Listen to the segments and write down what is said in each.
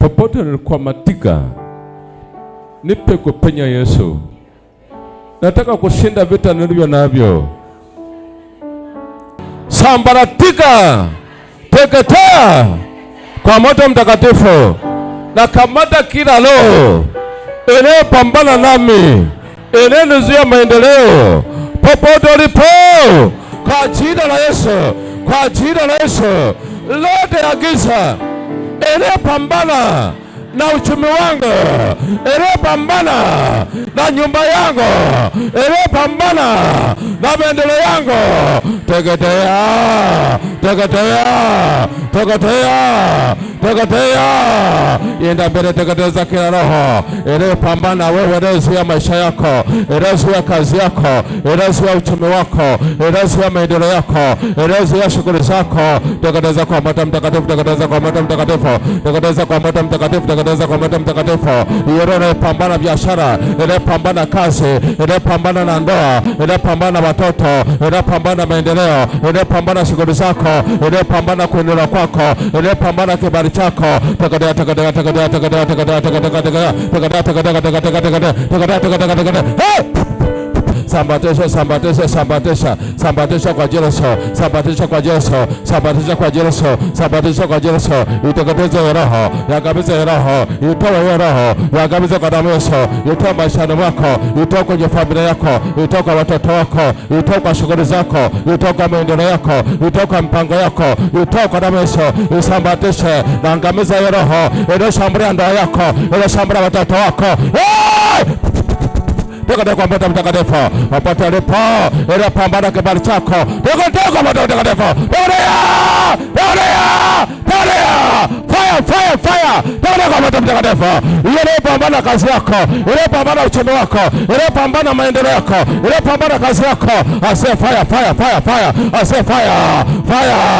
Popote matika, nipe kupenya Yesu. Nataka kushinda vita nilivyo navyo. Sambaratika, teketea kwa moto mtakatifu, na kamata kila roho inayopambana nami, inayonizuia maendeleo popote ulipo, kwa jina la Yesu, kwa jina la Yesu, lote ya giza pambana na uchumi wangu, pambana na nyumba yangu, pambana na maendeleo yangu, tegetea teketea, teketea, teketea, yenda mbele, teketeza kila roho inayopambana wewe, inayozuia maisha yako, inayozuia kazi yako, inayozuia uchumi wako, inayozuia maendeleo yako, inayozuia shughuli zako, teketeza kwa moto mtakatifu, teketeza kwa moto mtakatifu, teketeza kwa moto mtakatifu, teketeza kwa moto mtakatifu, hiyo roho inayopambana biashara, inayopambana kazi, inayopambana na ndoa, inayopambana watoto, inayopambana maendeleo, inayopambana shughuli zako wako unayepambana kuendelea kwako unayepambana kibali chako takataka sambatisha, sambatisha, sambatisha, sambatisha kwa Yesu, sambatisha kwa Yesu, sambatisha kwa Yesu, sambatisha kwa Yesu, iteketeze hiyo roho, ya kabisa ya roho, itoe ya roho, ya kabisa kwa damu Yesu, itoe maisha yako itoe kwenye familia yako, itoe kwa watoto wako, itoe kwa shughuli zako, itoe kwa maendeleo yako, itoe kwa mpango yako, itoe kwa damu Yesu, isambatishe na angamiza ya roho, ile inayoshambulia ndoa yako, ile inayoshambulia watoto wako takatifu moto mtakatifu popote ulipo, ili pambana kibali chako takatifu moto mtakatifu tolea tolea tolea fire fire fire takatifu moto mtakatifu, ili pambana kazi yako, ili pambana uchumi wako, ili pambana maendeleo yako, ili pambana kazi yako, ase fire fire fire fire ase fire fire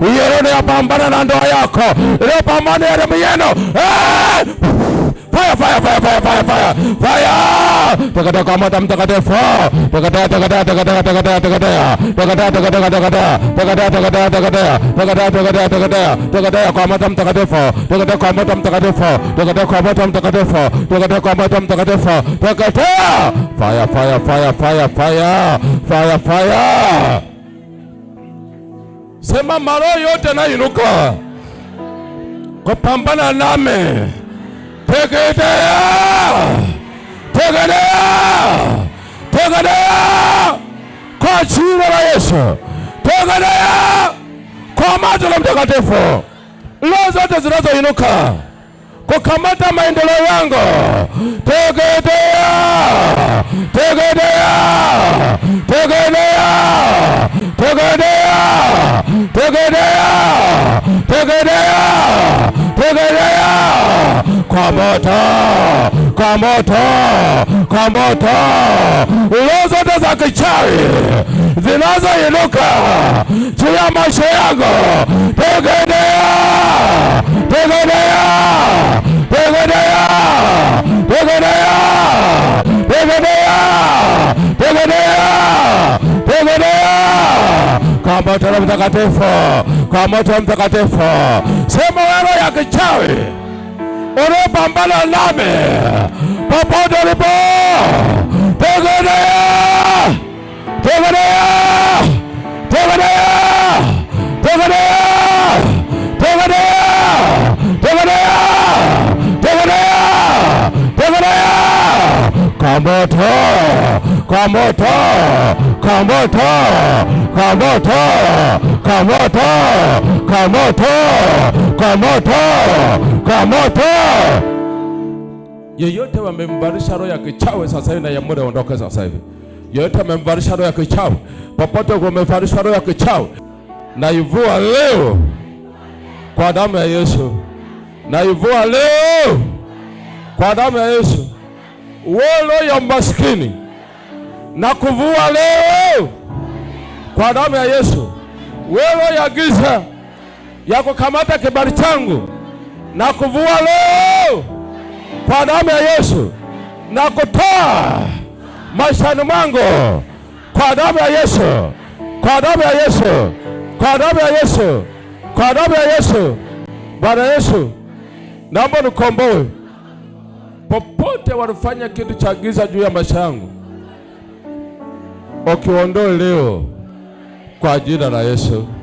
Hiyo ndio pambana na ndoa yako, ndio pambana na elimu yenu. Eh! Fire, fire, fire, fire, fire, fire takataka moto mtakatifu takataka takataka takataka takataka takataka takataka takataka takataka takataka takataka takataka takataka takataka kwa moto mtakatifu takataka kwa moto mtakatifu takataka kwa moto mtakatifu takataka kwa moto mtakatifu takataka fire fire fire fire fire fire fire sema maroho yote nainuka kupambana nami teketea tegenea, tegenea kwa jina la Yesu, tegenea kwa macho la mtakatifu. Roho zote zinazoinuka kukamata maendeleo yangu, tegenea, tegenea, tegenea, tegenea, tegenea, tegenea, tegenea kwa moto kwa moto, kwa moto. Roho zote za kichawi zinazoinuka juu ya maisha yangu, tegenea, tegenea, tegenea, tegenea, tegenea, tegenea, tegenea kwa moto wa mtakatifu, kwa moto wa mtakatifu. Sema wewe ya kichawi unapambana nami popote ulipo, tegenea tegenea tegenea tegenea tegenea tegenea tegenea tegenea kwa moto kwa moto kwa moto kwa moto kwa moto kwa moto kwa moto, kwa moto. Yeyote wamemvarisha roho ya kichawi sasa hivi na yamure ondoke sasa hivi. Yeyote wamemvarisha roho ya kichawi, popote wamevarisha roho ya kichawi, naivua leo kwa damu ya Yesu, naivua leo kwa damu ya Yesu. Wolo ya maskini na kuvua leo kwa damu ya Yesu, wolo ya giza ya kukamata kibali changu na kuvua leo kwa damu ya Yesu na kutoa maishani mwangu kwa damu ya Yesu, kwa damu ya Yesu, kwa damu ya Yesu, kwa damu ya Yesu. Bwana Yesu, naomba nikomboe. Popote walifanya kitu cha giza juu ya maisha yangu, ukiondoe leo kwa jina la Yesu.